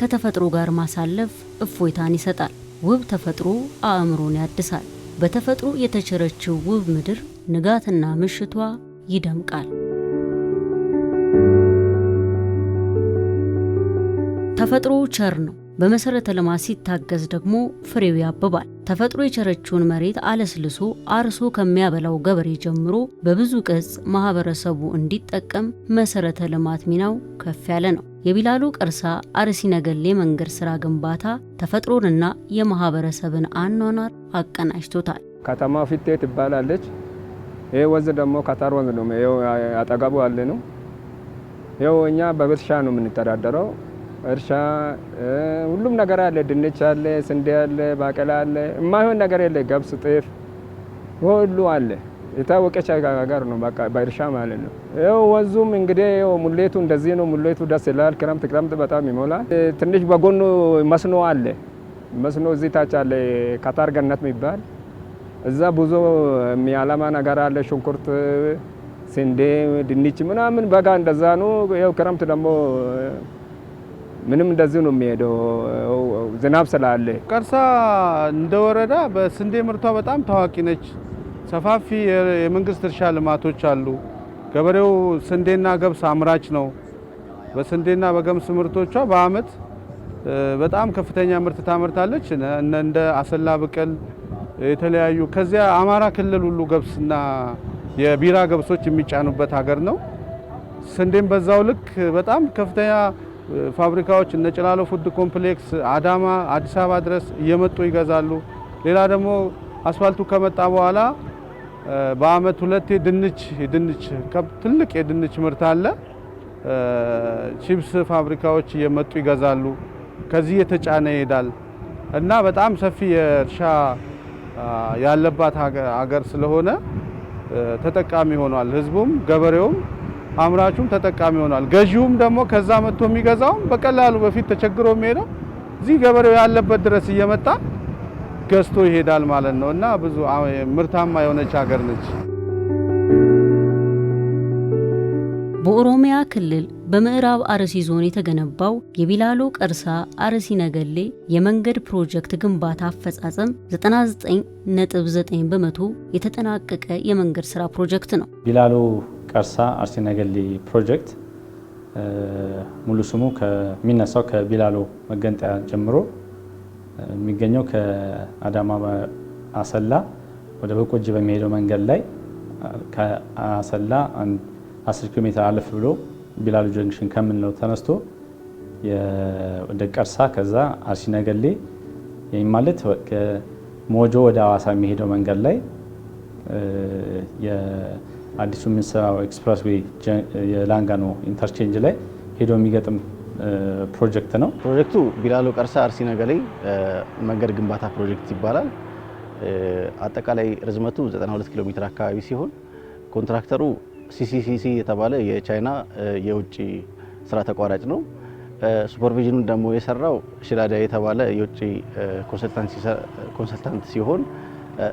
ከተፈጥሮ ጋር ማሳለፍ እፎይታን ይሰጣል። ውብ ተፈጥሮ አእምሮን ያድሳል። በተፈጥሮ የተቸረችው ውብ ምድር ንጋትና ምሽቷ ይደምቃል። ተፈጥሮ ቸር ነው። በመሰረተ ልማት ሲታገዝ ደግሞ ፍሬው ያብባል። ተፈጥሮ የቸረችውን መሬት አለስልሶ አርሶ ከሚያበላው ገበሬ ጀምሮ በብዙ ገጽ ማህበረሰቡ እንዲጠቀም መሰረተ ልማት ሚናው ከፍ ያለ ነው። የቢላሉ ቀርሳ አርሲ ነገሌ መንገድ ስራ ግንባታ ተፈጥሮንና የማህበረሰብን አኗኗር አቀናጅቶታል። ከተማ ፊቴ ትባላለች። ይህ ወንዝ ደግሞ ከታር ወንዝ ነው። አጠገቡ ያለ ነው። ይኸው እኛ በብርሻ ነው የምንተዳደረው። እርሻ ሁሉም ነገር አለ። ድንች አለ፣ ስንዴ አለ፣ ባቄላ አለ። የማይሆን ነገር የለ። ገብስ፣ ጤፍ ሁሉ አለ። የታወቀች ሀገር ነው በቃ በእርሻ ማለት ነው። ይኸው ወንዙም እንግዲህ ሙሌቱ እንደዚህ ነው። ሙሌቱ ደስ ይላል። ክረምት ክረምት በጣም ይሞላል። ትንሽ በጎኑ መስኖ አለ። መስኖ እዚህ ታች አለ፣ ከታር ገነት የሚባል እዛ ብዙ የሚያለማ ነገር አለ። ሽንኩርት፣ ስንዴ፣ ድንች ምናምን በጋ እንደዛ ነው። ይኸው ክረምት ደግሞ ምንም እንደዚህ ነው የሚሄደው። ዝናብ ስላለ ቀርሳ እንደ ወረዳ በስንዴ ምርቷ በጣም ታዋቂ ነች። ሰፋፊ የመንግስት እርሻ ልማቶች አሉ። ገበሬው ስንዴና ገብስ አምራች ነው። በስንዴና በገብስ ምርቶቿ በአመት በጣም ከፍተኛ ምርት ታመርታለች። እንደ አሰላ ብቅል የተለያዩ ከዚያ አማራ ክልል ሁሉ ገብስና የቢራ ገብሶች የሚጫኑበት ሀገር ነው። ስንዴም በዛው ልክ በጣም ከፍተኛ ፋብሪካዎች እነ ጭላሎ ፉድ ኮምፕሌክስ፣ አዳማ፣ አዲስ አበባ ድረስ እየመጡ ይገዛሉ። ሌላ ደግሞ አስፋልቱ ከመጣ በኋላ በአመት ሁለቴ ድንች ድንች ትልቅ የድንች ምርት አለ። ቺፕስ ፋብሪካዎች እየመጡ ይገዛሉ። ከዚህ የተጫነ ይሄዳል እና በጣም ሰፊ የእርሻ ያለባት ሀገር ስለሆነ ተጠቃሚ ሆኗል። ህዝቡም ገበሬውም አምራቹም ተጠቃሚ ይሆናል። ገዢውም ደግሞ ከዛ መጥቶ የሚገዛውም በቀላሉ በፊት ተቸግሮ የሚሄደው እዚህ ገበሬው ያለበት ድረስ እየመጣ ገዝቶ ይሄዳል ማለት ነው እና ብዙ ምርታማ የሆነች ሀገር ነች። በኦሮሚያ ክልል በምዕራብ አርሲ ዞን የተገነባው የቢላሎ ቀርሳ አርሲ ነገሌ የመንገድ ፕሮጀክት ግንባታ አፈጻጸም 99.9 በመቶ የተጠናቀቀ የመንገድ ስራ ፕሮጀክት ነው። ቢላሎ ቀርሳ አርሲ ነገሌ ፕሮጀክት ሙሉ ስሙ ከሚነሳው ከቢላሎ መገንጠያ ጀምሮ የሚገኘው ከአዳማ አሰላ ወደ በቆጂ በሚሄደው መንገድ ላይ ከአሰላ 10 ኪሎ ሜትር አለፍ ብሎ ቢላሎ ጀንክሽን ከምንለው ተነስቶ ወደ ቀርሳ ከዛ አርሲ ነገሌ ይህም ማለት ሞጆ ወደ አዋሳ የሚሄደው መንገድ ላይ አዲሱ የምንሰራው ኤክስፕረስ ዌይ የላንጋኖ ኢንተርቼንጅ ላይ ሄዶ የሚገጥም ፕሮጀክት ነው። ፕሮጀክቱ ቢላሎ ቀርሳ አርሲ ነገሌ መንገድ ግንባታ ፕሮጀክት ይባላል። አጠቃላይ ርዝመቱ 92 ኪሎ ሜትር አካባቢ ሲሆን ኮንትራክተሩ ሲሲሲሲ የተባለ የቻይና የውጭ ስራ ተቋራጭ ነው። ሱፐርቪዥኑን ደግሞ የሰራው ሽላዳ የተባለ የውጭ ኮንሰልታንት ሲሆን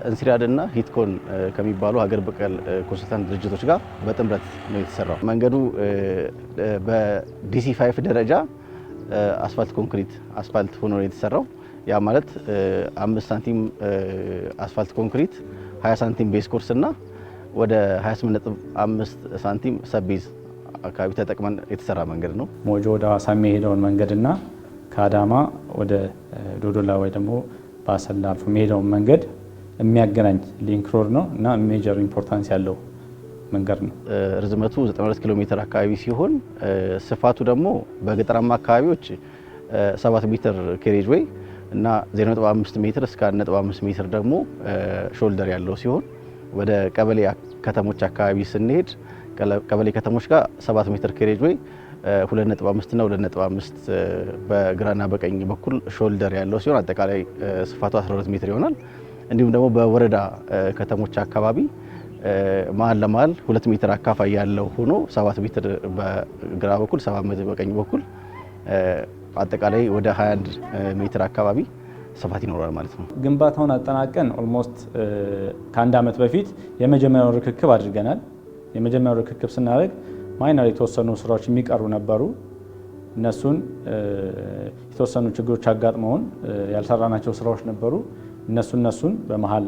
እንስሪያድና ሂትኮን ከሚባሉ ሀገር በቀል ኮንሰልታንት ድርጅቶች ጋር በጥምረት ነው የተሰራው። መንገዱ በዲሲ ፋይፍ ደረጃ አስፋልት ኮንክሪት አስፋልት ሆኖ ነው የተሰራው። ያ ማለት አምስት ሳንቲም አስፋልት ኮንክሪት 20 ሳንቲም ቤስ ኮርስ እና ወደ 28.5 ሳንቲም ሰቤዝ አካባቢ ተጠቅመን የተሰራ መንገድ ነው። ሞጆ ወደ ሀዋሳ የሚሄደውን መንገድና ከአዳማ ወደ ዶዶላ ወይ ደግሞ በአሰላ የሚሄደውን መንገድ የሚያገናኝ ሊንክ ሮድ ነው እና ሜጀር ኢምፖርታንስ ያለው መንገድ ነው። ርዝመቱ 92 ኪሎ ሜትር አካባቢ ሲሆን ስፋቱ ደግሞ በገጠራማ አካባቢዎች 7 ሜትር ኬሬጅ ወይ እና 0.5 ሜትር እስከ 1.5 ሜትር ደግሞ ሾልደር ያለው ሲሆን ወደ ቀበሌ ከተሞች አካባቢ ስንሄድ ቀበሌ ከተሞች ጋር 7 ሜትር ኬሬጅ ወይ 2.5 ና 2.5 በግራና በቀኝ በኩል ሾልደር ያለው ሲሆን አጠቃላይ ስፋቱ 12 ሜትር ይሆናል። እንዲሁም ደግሞ በወረዳ ከተሞች አካባቢ መሀል ለመሀል ሁለት ሜትር አካፋይ ያለው ሆኖ ሰባት ሜትር በግራ በኩል ሰባት ሜትር በቀኝ በኩል አጠቃላይ ወደ 21 ሜትር አካባቢ ስፋት ይኖራል ማለት ነው። ግንባታውን አጠናቀን ኦልሞስት ከአንድ ዓመት በፊት የመጀመሪያውን ርክክብ አድርገናል። የመጀመሪያው ርክክብ ስናደርግ ማይነር የተወሰኑ ስራዎች የሚቀሩ ነበሩ። እነሱን የተወሰኑ ችግሮች አጋጥመውን ያልሰራናቸው ስራዎች ነበሩ። እነሱ እነሱን በመሀል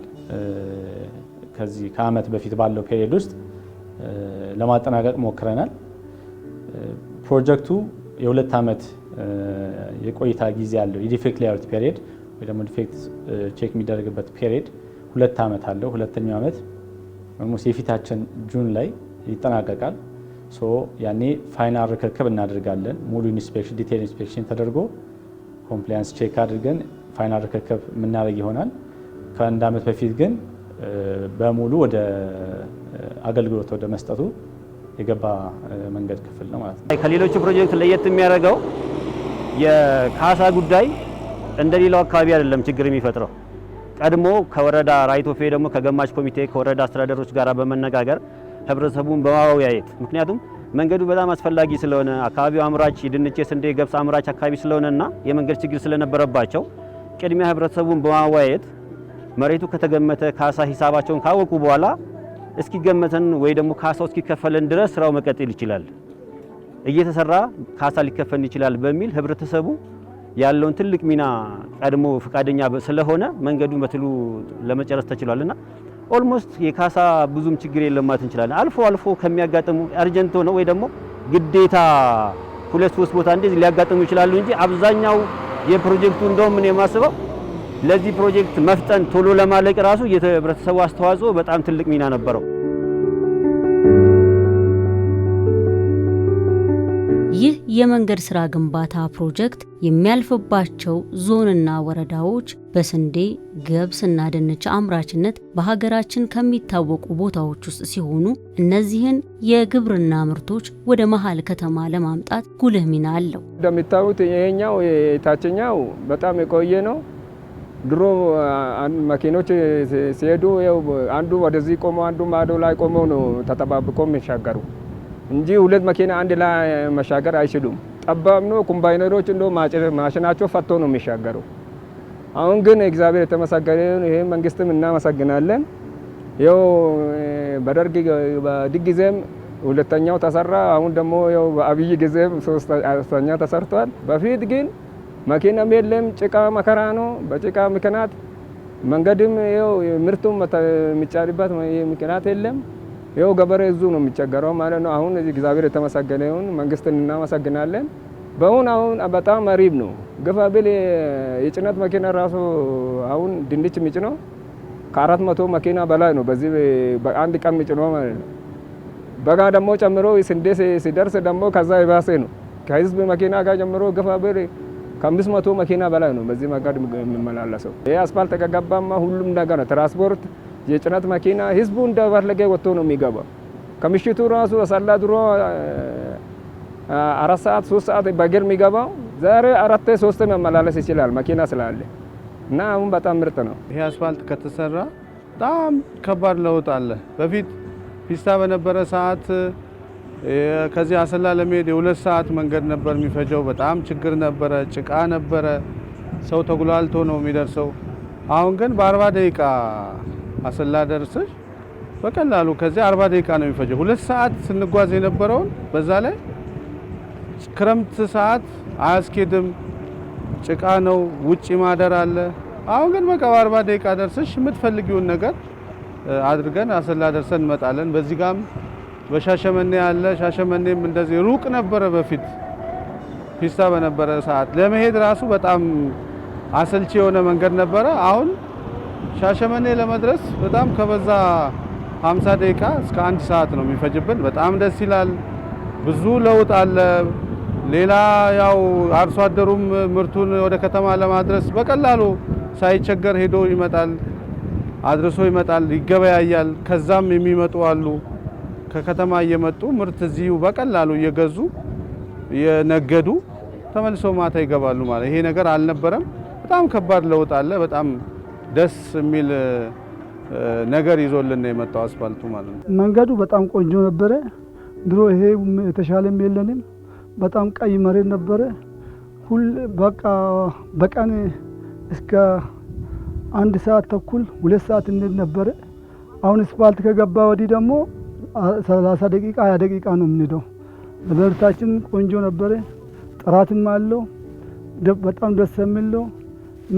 ከዚህ ከአመት በፊት ባለው ፔሪየድ ውስጥ ለማጠናቀቅ ሞክረናል። ፕሮጀክቱ የሁለት ዓመት የቆይታ ጊዜ ያለው የዲፌክት ሌያውት ፔሪድ ወይ ደግሞ ዲፌክት ቼክ የሚደረግበት ፔሪድ ሁለት ዓመት አለው። ሁለተኛው ዓመት ኦልሞስት የፊታችን ጁን ላይ ይጠናቀቃል። ሶ ያኔ ፋይናል ርክክብ እናደርጋለን። ሙሉ ኢንስፔክሽን ዲቴል ኢንስፔክሽን ተደርጎ ኮምፕላያንስ ቼክ አድርገን ፋይናል ርክክብ የምናደርግ ይሆናል። ከአንድ ዓመት በፊት ግን በሙሉ ወደ አገልግሎት ወደ መስጠቱ የገባ መንገድ ክፍል ነው ማለት ነው። ከሌሎቹ ፕሮጀክት ለየት የሚያደርገው የካሳ ጉዳይ እንደሌላው አካባቢ አይደለም ችግር የሚፈጥረው። ቀድሞ ከወረዳ ራይት ኦፍ ዌይ ደግሞ ከገማች ኮሚቴ ከወረዳ አስተዳደሮች ጋር በመነጋገር ህብረተሰቡን በማወያየት ምክንያቱም መንገዱ በጣም አስፈላጊ ስለሆነ አካባቢው አምራች የድንች ስንዴ ገብስ አምራች አካባቢ ስለሆነና የመንገድ ችግር ስለነበረባቸው ቅድሚያ ህብረተሰቡን በማዋየት መሬቱ ከተገመተ ካሳ ሂሳባቸውን ካወቁ በኋላ እስኪገመተን ወይ ደግሞ ካሳው እስኪከፈለን ድረስ ስራው መቀጠል ይችላል፣ እየተሰራ ካሳ ሊከፈል ይችላል በሚል ህብረተሰቡ ያለውን ትልቅ ሚና ቀድሞ ፈቃደኛ ስለሆነ መንገዱን በትሉ ለመጨረስ ተችሏል እና ኦልሞስት የካሳ ብዙም ችግር የለም ማለት እንችላለን። አልፎ አልፎ ከሚያጋጥሙ አርጀንቶ ነው ወይ ደግሞ ግዴታ ሁለት ሶስት ቦታ እንደዚህ ሊያጋጥሙ ይችላሉ እንጂ አብዛኛው የፕሮጀክቱ እንደውም ምን የማስበው ለዚህ ፕሮጀክት መፍጠን ቶሎ ለማለቅ ራሱ የህብረተሰቡ አስተዋጽኦ በጣም ትልቅ ሚና ነበረው። የመንገድ ሥራ ግንባታ ፕሮጀክት የሚያልፍባቸው ዞንና ወረዳዎች በስንዴ ገብስና ድንች አምራችነት በሀገራችን ከሚታወቁ ቦታዎች ውስጥ ሲሆኑ እነዚህን የግብርና ምርቶች ወደ መሀል ከተማ ለማምጣት ጉልህ ሚና አለው። እንደሚታዩት ይሄኛው የታችኛው በጣም የቆየ ነው። ድሮ መኪኖች ሲሄዱ አንዱ ወደዚህ ቆሞ አንዱ ማዶ ላይ ቆመው ነው ተጠባብቆ የሚሻገሩ እንጂ ሁለት መኪና አንድ ላይ መሻገር አይችሉም። ጠባብ ነው። ኮምባይነሮች እንደ ማሽናቸው ፈቶ ነው የሚሻገሩ አሁን ግን እግዚአብሔር የተመሰገነ ይህ መንግስትም እናመሰግናለን። ይኸው በደርግ በድግ ጊዜም ሁለተኛው ተሰራ። አሁን ደግሞ ይኸው በአብይ ጊዜም ሶስተኛ ተሰርቷል። በፊት ግን መኪናም የለም፣ ጭቃ መከራ ነው። በጭቃ ምክንያት መንገድም ይኸው ምርቱም የሚጫሪበት ምክንያት የለም። ይኸው ገበሬ እዙ ነው የሚቸገረው ማለት ነው። አሁን እዚህ እግዚአብሔር የተመሰገነ ይሁን፣ መንግስትን እናመሰግናለን። በሁን አሁን በጣም አሪፍ ነው። ግፋ ብል የጭነት መኪና ራሱ አሁን ድንች የሚጭነው ከአራት መቶ መኪና በላይ ነው በዚህ በአንድ ቀን የሚጭነው ማለት ነው። በጋ ደግሞ ጨምሮ ስንዴ ሲደርስ ደግሞ ከዛ የባሰ ነው። ከህዝብ መኪና ጋር ጨምሮ ግፋ ብል ከአምስት መቶ መኪና በላይ ነው በዚህ መንገድ የሚመላለሰው። ይህ አስፋልት ከገባማ ሁሉም ነገር ነው ትራንስፖርት የጭነት መኪና ህዝቡ እንደፈለገ ወጥቶ ነው የሚገባው። ከምሽቱ ራሱ አሰላ ድሮ አራት ሰዓት ሶስት ሰዓት በእግር የሚገባው ዛሬ አራት ሶስት መመላለስ ይችላል መኪና ስላለ እና አሁን በጣም ምርጥ ነው። ይሄ አስፋልት ከተሰራ በጣም ከባድ ለውጥ አለ። በፊት ፒስታ በነበረ ሰዓት ከዚህ አሰላ ለመሄድ የሁለት ሰዓት መንገድ ነበር የሚፈጀው። በጣም ችግር ነበረ፣ ጭቃ ነበረ፣ ሰው ተጉላልቶ ነው የሚደርሰው። አሁን ግን በአርባ ደቂቃ አሰላ ደርሰሽ በቀላሉ ከዚህ አርባ ደቂቃ ነው የሚፈጀው። ሁለት ሰዓት ስንጓዝ የነበረውን በዛ ላይ ክረምት ሰዓት አያስኬድም፣ ጭቃ ነው፣ ውጭ ማደር አለ። አሁን ግን በቃ በአርባ ደቂቃ ደርሰሽ የምትፈልጊውን ነገር አድርገን አሰላ ደርሰን እንመጣለን። በዚህ ጋም በሻሸመኔ አለ። ሻሸመኔም እንደዚህ ሩቅ ነበረ በፊት ፒስታ በነበረ ሰዓት ለመሄድ ራሱ በጣም አሰልቺ የሆነ መንገድ ነበረ አሁን ሻሸመኔ ለመድረስ በጣም ከበዛ 50 ደቂቃ እስከ አንድ ሰዓት ነው የሚፈጅብን። በጣም ደስ ይላል። ብዙ ለውጥ አለ። ሌላ ያው አርሶ አደሩም ምርቱን ወደ ከተማ ለማድረስ በቀላሉ ሳይቸገር ሄዶ ይመጣል፣ አድርሶ ይመጣል፣ ይገበያያል። ከዛም የሚመጡ አሉ ከከተማ እየመጡ ምርት እዚሁ በቀላሉ እየገዙ እየነገዱ ተመልሶ ማታ ይገባሉ ማለት ይሄ ነገር አልነበረም። በጣም ከባድ ለውጥ አለ በጣም ደስ የሚል ነገር ይዞልን ነው የመጣው አስፋልቱ ማለት ነው። መንገዱ በጣም ቆንጆ ነበረ። ድሮ ይሄ የተሻለም የለንም። በጣም ቀይ መሬት ነበረ። ሁል በቃ በቀን እስከ አንድ ሰዓት ተኩል ሁለት ሰዓት እንሄድ ነበረ። አሁን አስፋልት ከገባ ወዲህ ደግሞ ሰላሳ ደቂቃ ሀያ ደቂቃ ነው የምንሄደው። ትምህርታችን ቆንጆ ነበረ። ጥራትም አለው። በጣም ደስ የሚለው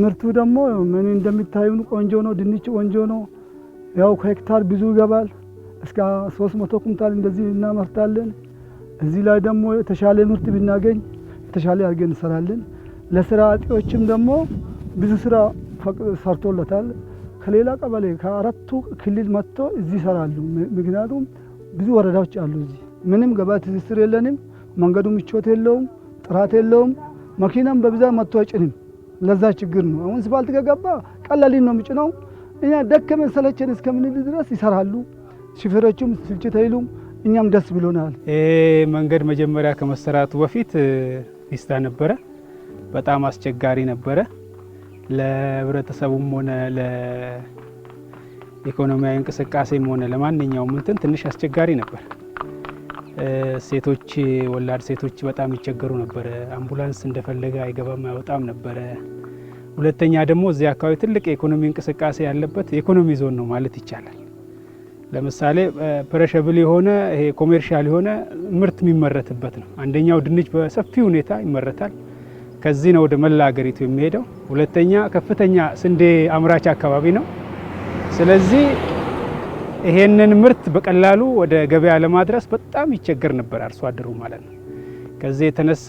ምርቱ ደግሞ ምን እንደሚታዩን ቆንጆ ነው። ድንች ቆንጆ ነው። ያው ከሄክታር ብዙ ይገባል። እስከ 300 መቶ ኩንታል እንደዚህ እናመርታለን። እዚህ ላይ ደግሞ የተሻለ ምርት ብናገኝ የተሻለ አድርገን እንሰራለን። ለስራ አጥዎችም ደግሞ ብዙ ስራ ሰርቶለታል። ከሌላ ቀበሌ ከአራቱ ክልል መጥቶ እዚህ ይሰራሉ። ምክንያቱም ብዙ ወረዳዎች አሉ። እዚህ ምንም ገበያ ትስስር የለንም። መንገዱ ምቾት የለውም፣ ጥራት የለውም። መኪናም በብዛት መጥቶ አይጭንም። ለዛ ችግር ነው። አሁን ስፋልት ከገባ ቀላሊን ነው የምጭነው። እኛ ደከመን ሰለቸን እስከምንል ድረስ ይሰራሉ። ሹፌሮቹም ስልችት አይሉም። እኛም ደስ ብሎናል። መንገድ መጀመሪያ ከመሰራቱ በፊት ፊስታ ነበረ። በጣም አስቸጋሪ ነበረ። ለህብረተሰቡም ሆነ ለኢኮኖሚያዊ እንቅስቃሴም ሆነ ለማንኛውም እንትን ትንሽ አስቸጋሪ ነበር። ሴቶች ወላድ ሴቶች በጣም ይቸገሩ ነበረ። አምቡላንስ እንደፈለገ አይገባም አይወጣም ነበረ። ሁለተኛ ደግሞ እዚህ አካባቢ ትልቅ የኢኮኖሚ እንቅስቃሴ ያለበት የኢኮኖሚ ዞን ነው ማለት ይቻላል። ለምሳሌ ፐረሸብል የሆነ ይሄ ኮሜርሻል የሆነ ምርት የሚመረትበት ነው። አንደኛው ድንች በሰፊ ሁኔታ ይመረታል። ከዚህ ነው ወደ መላ ሀገሪቱ የሚሄደው። ሁለተኛ ከፍተኛ ስንዴ አምራች አካባቢ ነው። ስለዚህ ይሄንን ምርት በቀላሉ ወደ ገበያ ለማድረስ በጣም ይቸገር ነበር አርሶ አደሩ ማለት ነው። ከዚህ የተነሳ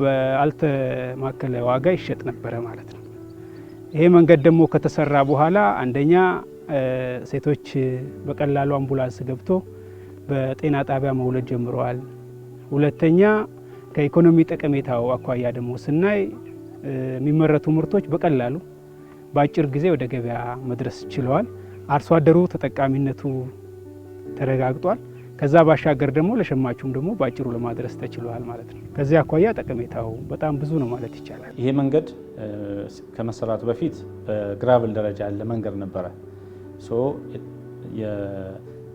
ባልተማከለ ዋጋ ይሸጥ ነበረ ማለት ነው። ይሄ መንገድ ደግሞ ከተሰራ በኋላ አንደኛ ሴቶች በቀላሉ አምቡላንስ ገብቶ በጤና ጣቢያ መውለድ ጀምረዋል። ሁለተኛ ከኢኮኖሚ ጠቀሜታው አኳያ ደግሞ ስናይ የሚመረቱ ምርቶች በቀላሉ በአጭር ጊዜ ወደ ገበያ መድረስ ችለዋል። አርሶ አደሩ ተጠቃሚነቱ ተረጋግጧል። ከዛ ባሻገር ደግሞ ለሸማቹም ደግሞ በአጭሩ ለማድረስ ተችሏል ማለት ነው። ከዚህ አኳያ ጠቀሜታው በጣም ብዙ ነው ማለት ይቻላል። ይሄ መንገድ ከመሰራቱ በፊት በግራብል ደረጃ ያለ መንገድ ነበረ።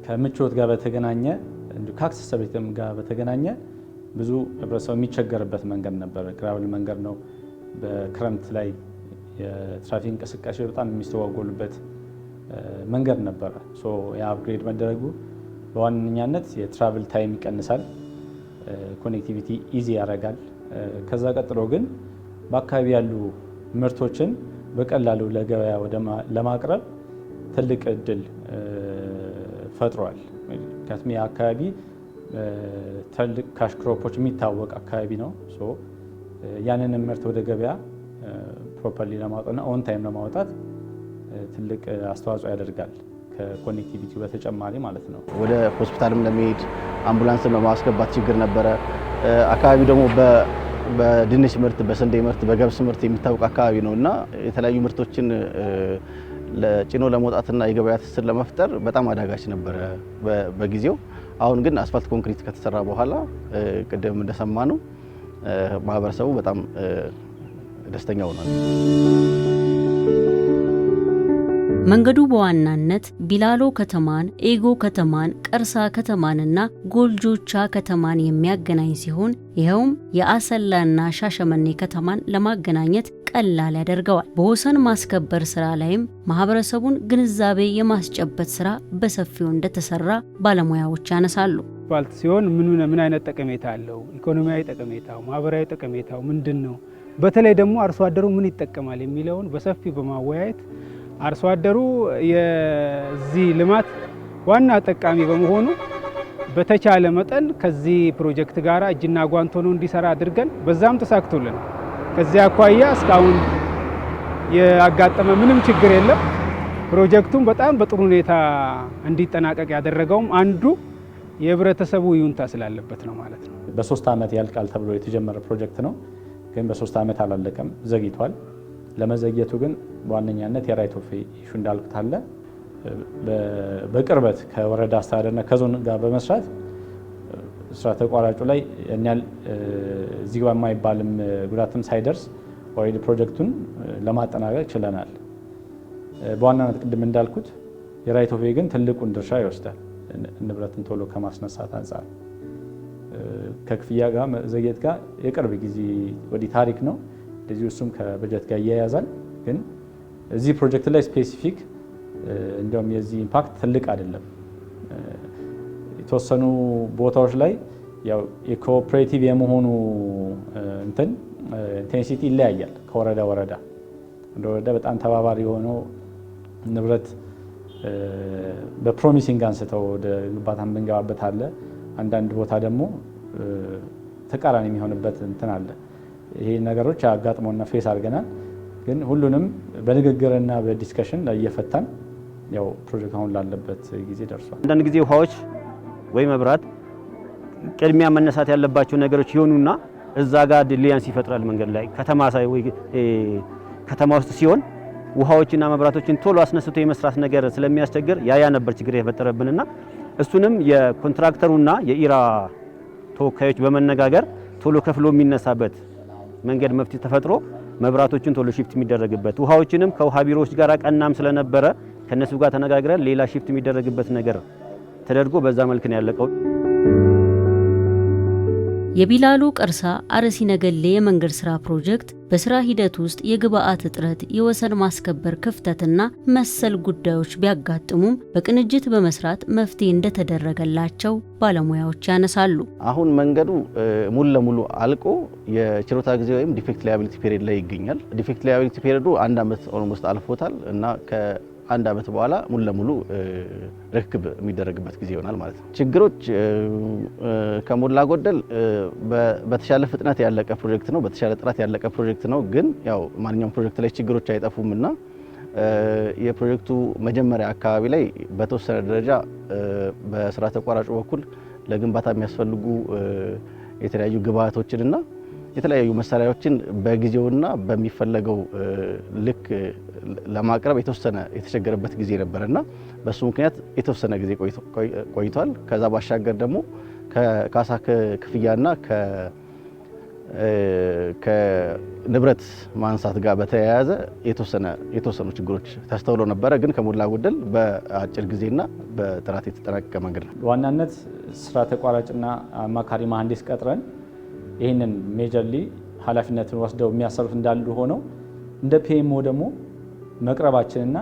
ከምቾት ጋር በተገናኘ ከአክሰሰብትም ጋር በተገናኘ ብዙ ህብረተሰቡ የሚቸገርበት መንገድ ነበረ። ግራብል መንገድ ነው። በክረምት ላይ የትራፊክ እንቅስቃሴ በጣም የሚስተዋጎሉበት መንገድ ነበረ። የአፕግሬድ መደረጉ በዋነኛነት የትራቭል ታይም ይቀንሳል፣ ኮኔክቲቪቲ ኢዚ ያደርጋል። ከዛ ቀጥሎ ግን በአካባቢ ያሉ ምርቶችን በቀላሉ ለገበያ ለማቅረብ ትልቅ እድል ፈጥሯል። ምክንያቱም የአካባቢ ትልቅ ካሽ ክሮፖች የሚታወቅ አካባቢ ነው። ያንንም ምርት ወደ ገበያ ፕሮፐርሊ ለማውጣትና ኦን ታይም ለማውጣት ትልቅ አስተዋጽኦ ያደርጋል። ከኮኔክቲቪቲ በተጨማሪ ማለት ነው። ወደ ሆስፒታልም ለመሄድ አምቡላንስን ለማስገባት ችግር ነበረ። አካባቢ ደግሞ በድንች ምርት፣ በስንዴ ምርት፣ በገብስ ምርት የሚታወቅ አካባቢ ነው እና የተለያዩ ምርቶችን ጭኖ ለመውጣትና የገበያ ትስስር ለመፍጠር በጣም አዳጋች ነበረ በጊዜው። አሁን ግን አስፋልት ኮንክሪት ከተሰራ በኋላ ቅድም እንደሰማ ነው ማህበረሰቡ በጣም ደስተኛ ሆኗል። መንገዱ በዋናነት ቢላሎ ከተማን፣ ኤጎ ከተማን፣ ቀርሳ ከተማንና ጎልጆቻ ከተማን የሚያገናኝ ሲሆን ይኸውም የአሰላና ሻሸመኔ ከተማን ለማገናኘት ቀላል ያደርገዋል። በወሰን ማስከበር ስራ ላይም ማህበረሰቡን ግንዛቤ የማስጨበት ስራ በሰፊው እንደተሰራ ባለሙያዎች ያነሳሉ። አስፋልት ሲሆን ምን ምን አይነት ጠቀሜታ አለው? ኢኮኖሚያዊ ጠቀሜታው፣ ማህበራዊ ጠቀሜታው ምንድን ነው? በተለይ ደግሞ አርሶ አደሩ ምን ይጠቀማል የሚለውን በሰፊው በማወያየት አርሶ አደሩ የዚህ ልማት ዋና ጠቃሚ በመሆኑ በተቻለ መጠን ከዚህ ፕሮጀክት ጋር እጅና ጓንት ሆኖ እንዲሰራ አድርገን በዛም ተሳክቶልን ከዚህ አኳያ እስካሁን ያጋጠመ ምንም ችግር የለም። ፕሮጀክቱም በጣም በጥሩ ሁኔታ እንዲጠናቀቅ ያደረገውም አንዱ የህብረተሰቡ ይሁንታ ስላለበት ነው ማለት ነው። በሶስት ዓመት ያልቃል ተብሎ የተጀመረ ፕሮጀክት ነው፣ ግን በሶስት ዓመት አላለቀም፣ ዘግይቷል። ለመዘግየቱ ግን በዋነኛነት የራይት ኦፍ ዌይ ኢሹ እንዳልኩት አለ። በቅርበት ከወረዳ አስተዳደርና ከዞን ጋር በመስራት ስራ ተቋራጩ ላይ እኛል እዚህ የማይባልም ጉዳትም ሳይደርስ ኦልሬዲ ፕሮጀክቱን ለማጠናቀቅ ችለናል። በዋናነት ቅድም እንዳልኩት የራይት ኦፍ ዌይ ግን ትልቁን ድርሻ ይወስዳል። ንብረትን ቶሎ ከማስነሳት አንጻር ከክፍያ ጋር መዘግየት ጋር የቅርብ ጊዜ ወዲህ ታሪክ ነው። እንደዚሁ እሱም ከበጀት ጋር እያያዛል። ግን እዚህ ፕሮጀክት ላይ ስፔሲፊክ እንዲሁም የዚህ ኢምፓክት ትልቅ አይደለም። የተወሰኑ ቦታዎች ላይ ያው የኮኦፕሬቲቭ የመሆኑ እንትን ኢንቴንሲቲ ይለያያል ከወረዳ ወረዳ እንደ ወረዳ በጣም ተባባሪ የሆነው ንብረት በፕሮሚሲንግ አንስተው ወደ ግንባታ ብንገባበት አለ። አንዳንድ ቦታ ደግሞ ተቃራኒ የሚሆንበት እንትን አለ። ይሄ ነገሮች አጋጥሞና ፌስ አድርገናል። ግን ሁሉንም በንግግርና በዲስከሽን እየፈታን ያው ፕሮጀክት አሁን ላለበት ጊዜ ደርሷል። አንዳንድ ጊዜ ውሃዎች ወይ መብራት ቅድሚያ መነሳት ያለባቸው ነገሮች ይሆኑና እዛ ጋር ድልያንስ ይፈጥራል። መንገድ ላይ ከተማ ሳይ ወይ ከተማ ውስጥ ሲሆን ውሃዎችና መብራቶችን ቶሎ አስነስቶ የመስራት ነገር ስለሚያስቸግር ያ ያ ነበር ችግር የፈጠረብንና እሱንም የኮንትራክተሩና የኢራ ተወካዮች በመነጋገር ቶሎ ከፍሎ የሚነሳበት መንገድ መፍትሄ ተፈጥሮ መብራቶችን ቶሎ ሺፍት የሚደረግበት ውሃዎችንም ከውሃ ቢሮዎች ጋር ቀናም ስለነበረ ከነሱ ጋር ተነጋግረን ሌላ ሺፍት የሚደረግበት ነገር ተደርጎ በዛ መልክ ነው ያለቀው። የቢላሉ ቀርሳ አረሲ ነገሌ የመንገድ ስራ ፕሮጀክት በስራ ሂደት ውስጥ የግብአት እጥረት፣ የወሰን ማስከበር ክፍተትና መሰል ጉዳዮች ቢያጋጥሙም በቅንጅት በመስራት መፍትሄ እንደተደረገላቸው ባለሙያዎች ያነሳሉ። አሁን መንገዱ ሙሉ ለሙሉ አልቆ የችሮታ ጊዜ ወይም ዲፌክት ላያቢሊቲ ፔሪድ ላይ ይገኛል። ዲፌክት ላያቢሊቲ ፔሪዱ አንድ አመት ኦልሞስት አልፎታል እና አንድ ዓመት በኋላ ሙሉ ለሙሉ ርክክብ የሚደረግበት ጊዜ ይሆናል ማለት ነው። ችግሮች ከሞላ ጎደል በተሻለ ፍጥነት ያለቀ ፕሮጀክት ነው፣ በተሻለ ጥራት ያለቀ ፕሮጀክት ነው። ግን ያው ማንኛውም ፕሮጀክት ላይ ችግሮች አይጠፉም እና የፕሮጀክቱ መጀመሪያ አካባቢ ላይ በተወሰነ ደረጃ በስራ ተቋራጩ በኩል ለግንባታ የሚያስፈልጉ የተለያዩ ግብአቶችን እና የተለያዩ መሳሪያዎችን በጊዜውና በሚፈለገው ልክ ለማቅረብ የተወሰነ የተቸገረበት ጊዜ ነበር በሱ ምክንያት የተወሰነ ጊዜ ቆይቷል። ከዛ ባሻገር ደግሞ ከካሳ ክፍያና ከንብረት ማንሳት ጋር በተያያዘ የተወሰኑ ችግሮች ተስተውሎ ነበረ። ግን ከሞላ ጎደል በአጭር ጊዜና በጥራት የተጠናቀቀ መንገድ ነው። በዋናነት ስራ ተቋራጭና አማካሪ መሀንዲስ ቀጥረን ይህንን ሜጀርሊ ኃላፊነትን ወስደው የሚያሰሩት እንዳሉ ሆነው እንደ ፒኤምኦ ደግሞ መቅረባችንና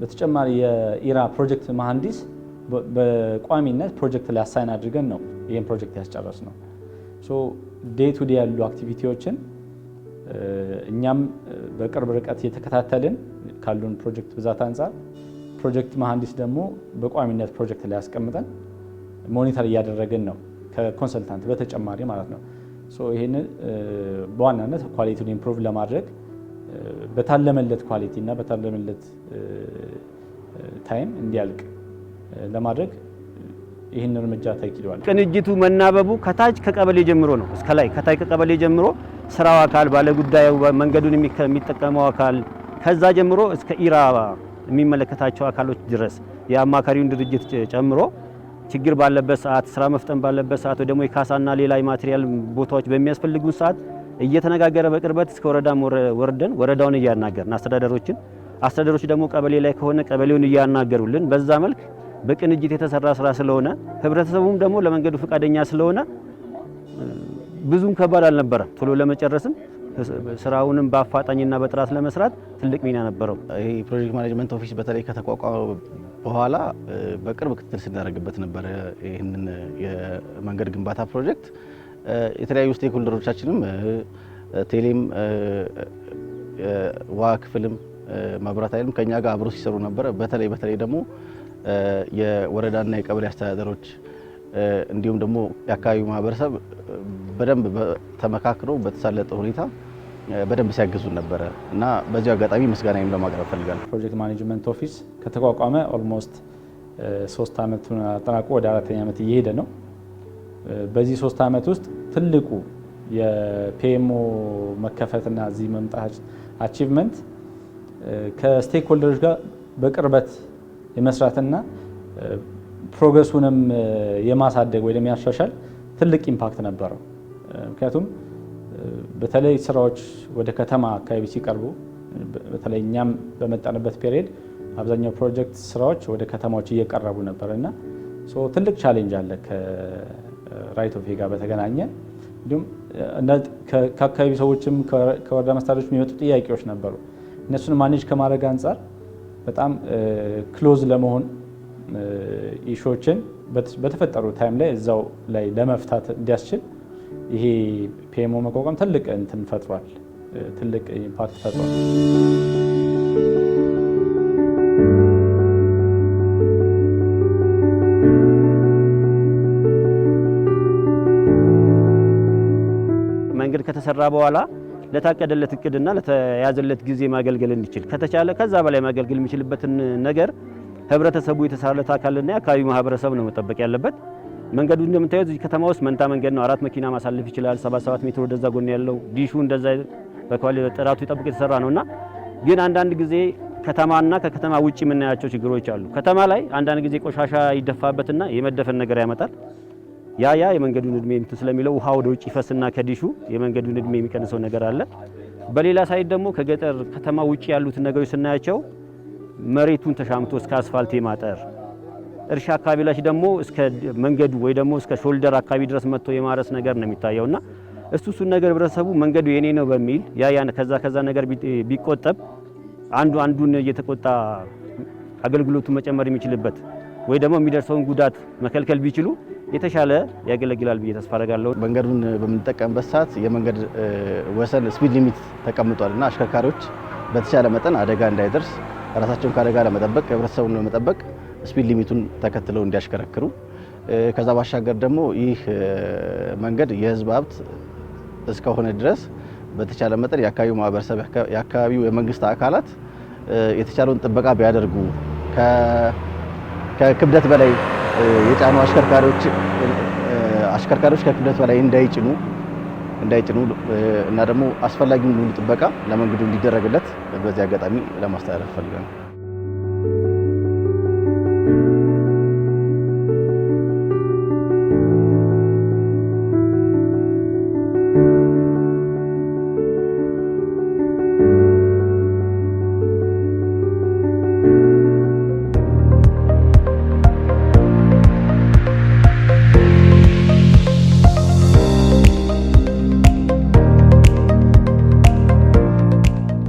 በተጨማሪ የኢራ ፕሮጀክት መሀንዲስ በቋሚነት ፕሮጀክት ላይ አሳይን አድርገን ነው ይህን ፕሮጀክት ያስጨረስ ነው። ዴይ ቱ ዴይ ያሉ አክቲቪቲዎችን እኛም በቅርብ ርቀት የተከታተልን ካሉን ፕሮጀክት ብዛት አንጻር ፕሮጀክት መሀንዲስ ደግሞ በቋሚነት ፕሮጀክት ላይ ያስቀምጠን ሞኒተር እያደረግን ነው። ከኮንሰልታንት በተጨማሪ ማለት ነው። ይህን በዋናነት ኳሊቲውን ኢምፕሩቭ ለማድረግ በታለመለት ኳሊቲ እና በታለመለት ታይም እንዲያልቅ ለማድረግ ይህን እርምጃ ተኪደዋል። ቅንጅቱ መናበቡ ከታች ከቀበሌ ጀምሮ ነው እስከ ላይ ከታች ከቀበሌ ጀምሮ ስራው አካል ባለጉዳዩ፣ መንገዱን የሚጠቀመው አካል ከዛ ጀምሮ እስከ ኢራ የሚመለከታቸው አካሎች ድረስ የአማካሪውን ድርጅት ጨምሮ ችግር ባለበት ሰዓት፣ ስራ መፍጠን ባለበት ሰዓት ወይ ደግሞ የካሳና ሌላ የማቴሪያል ቦታዎች በሚያስፈልጉን ሰዓት እየተነጋገረ በቅርበት እስከ ወረዳም ወርደን ወረዳውን እያናገርን አስተዳደሮችን አስተዳደሮች ደግሞ ቀበሌ ላይ ከሆነ ቀበሌውን እያናገሩልን በዛ መልክ በቅንጅት የተሰራ ስራ ስለሆነ ህብረተሰቡም ደግሞ ለመንገዱ ፈቃደኛ ስለሆነ ብዙም ከባድ አልነበረም ቶሎ ለመጨረስም ስራውንም በአፋጣኝና በጥራት ለመስራት ትልቅ ሚና ነበረው። ይህ ፕሮጀክት ማኔጅመንት ኦፊስ በተለይ ከተቋቋመ በኋላ በቅርብ ክትትል ስናደርግበት ነበረ። ይህንን የመንገድ ግንባታ ፕሮጀክት የተለያዩ ስቴክሆልደሮቻችንም ቴሌም፣ ውሃ ክፍልም፣ መብራት ኃይልም ከእኛ ጋር አብሮ ሲሰሩ ነበረ። በተለይ በተለይ ደግሞ የወረዳና የቀበሌ አስተዳደሮች እንዲሁም ደግሞ የአካባቢው ማህበረሰብ በደንብ ተመካክሮ በተሳለጠ ሁኔታ በደንብ ሲያግዙ ነበረ እና በዚሁ አጋጣሚ ምስጋናዬን ለማቅረብ እፈልጋለሁ። ፕሮጀክት ማኔጅመንት ኦፊስ ከተቋቋመ ኦልሞስት ሶስት ዓመቱን አጠናቆ ወደ አራተኛ ዓመት እየሄደ ነው። በዚህ ሶስት ዓመት ውስጥ ትልቁ የፒኤምኦ መከፈትና እዚህ መምጣት አቺቭመንት ከስቴክሆልደሮች ጋር በቅርበት የመስራትና ፕሮግረሱንም የማሳደግ ወይም ያሻሻል ትልቅ ኢምፓክት ነበረው። ምክንያቱም በተለይ ስራዎች ወደ ከተማ አካባቢ ሲቀርቡ በተለይ እኛም በመጣንበት ፔሪየድ አብዛኛው ፕሮጀክት ስራዎች ወደ ከተማዎች እየቀረቡ ነበር እና ትልቅ ቻሌንጅ አለ ከራይት ኦፍ ጋር በተገናኘ እንዲሁም ከአካባቢ ሰዎችም ከወረዳ መስተዳድሮች የሚመጡ ጥያቄዎች ነበሩ። እነሱን ማኔጅ ከማድረግ አንጻር በጣም ክሎዝ ለመሆን ኢሾችን በተፈጠሩ ታይም ላይ እዛው ላይ ለመፍታት እንዲያስችል ይሄ ፒኤምኦ መቋቋም ትልቅ እንትን ፈጥሯል፣ ትልቅ ኢምፓክት ፈጥሯል። መንገድ ከተሰራ በኋላ ለታቀደለት እቅድና ለተያዘለት ጊዜ ማገልገል እንዲችል ከተቻለ ከዛ በላይ ማገልገል የሚችልበትን ነገር ህብረተሰቡ የተሳለት አካልና የአካባቢ ማህበረሰብ ነው መጠበቅ ያለበት። መንገዱ እንደምታዩት እዚህ ከተማ ውስጥ መንታ መንገድ ነው። አራት መኪና ማሳለፍ ይችላል። 77 ሜትር ወደዛ ጎን ያለው ዲሹ እንደዛ በኳሊ ጥራቱ ይጠብቅ የተሰራ ነውና ግን አንዳንድ ጊዜ ከተማና ከከተማ ውጪ የምናያቸው ችግሮች አሉ። ከተማ ላይ አንዳንድ ጊዜ ቆሻሻ ይደፋበትና የመደፈን ነገር ያመጣል። ያ ያ የመንገዱን እድሜ እንትን ስለሚለው ውሃ ወደ ውጭ ይፈስና ከዲሹ የመንገዱን እድሜ የሚቀንሰው ነገር አለ። በሌላ ሳይድ ደግሞ ከገጠር ከተማ ውጪ ያሉትን ነገሮች ስናያቸው መሬቱን ተሻምቶ እስከ አስፋልት ማጠር እርሻ አካባቢ ላይ ደግሞ እስከ መንገዱ ወይ ደግሞ እስከ ሾልደር አካባቢ ድረስ መጥቶ የማረስ ነገር ነው የሚታየውና እሱ እሱን ነገር ህብረተሰቡ መንገዱ የኔ ነው በሚል ያ ያን ከዛ ከዛ ነገር ቢቆጠብ አንዱ አንዱን እየተቆጣ አገልግሎቱ መጨመር የሚችልበት ወይ ደግሞ የሚደርሰውን ጉዳት መከልከል ቢችሉ የተሻለ ያገለግላል ብዬ ተስፋ አደርጋለሁ። መንገዱን በምንጠቀምበት ሰዓት የመንገድ ወሰን ስፒድ ሊሚት ተቀምጧል እና አሽከርካሪዎች በተሻለ መጠን አደጋ እንዳይደርስ ራሳቸውን ከአደጋ ለመጠበቅ ህብረተሰቡን ለመጠበቅ ስፒድ ሊሚቱን ተከትለው እንዲያሽከረክሩ ከዛ ባሻገር ደግሞ ይህ መንገድ የህዝብ ሀብት እስከሆነ ድረስ በተቻለ መጠን የአካባቢው ማህበረሰብ የአካባቢው የመንግስት አካላት የተቻለውን ጥበቃ ቢያደርጉ ከክብደት በላይ የጫኑ አሽከርካሪዎች አሽከርካሪዎች ከክብደት በላይ እንዳይጭኑ እንዳይጭኑ እና ደግሞ አስፈላጊውን ሁሉ ጥበቃ ለመንገዱ እንዲደረግለት በዚህ አጋጣሚ ለማስተላለፍ ፈልገናል።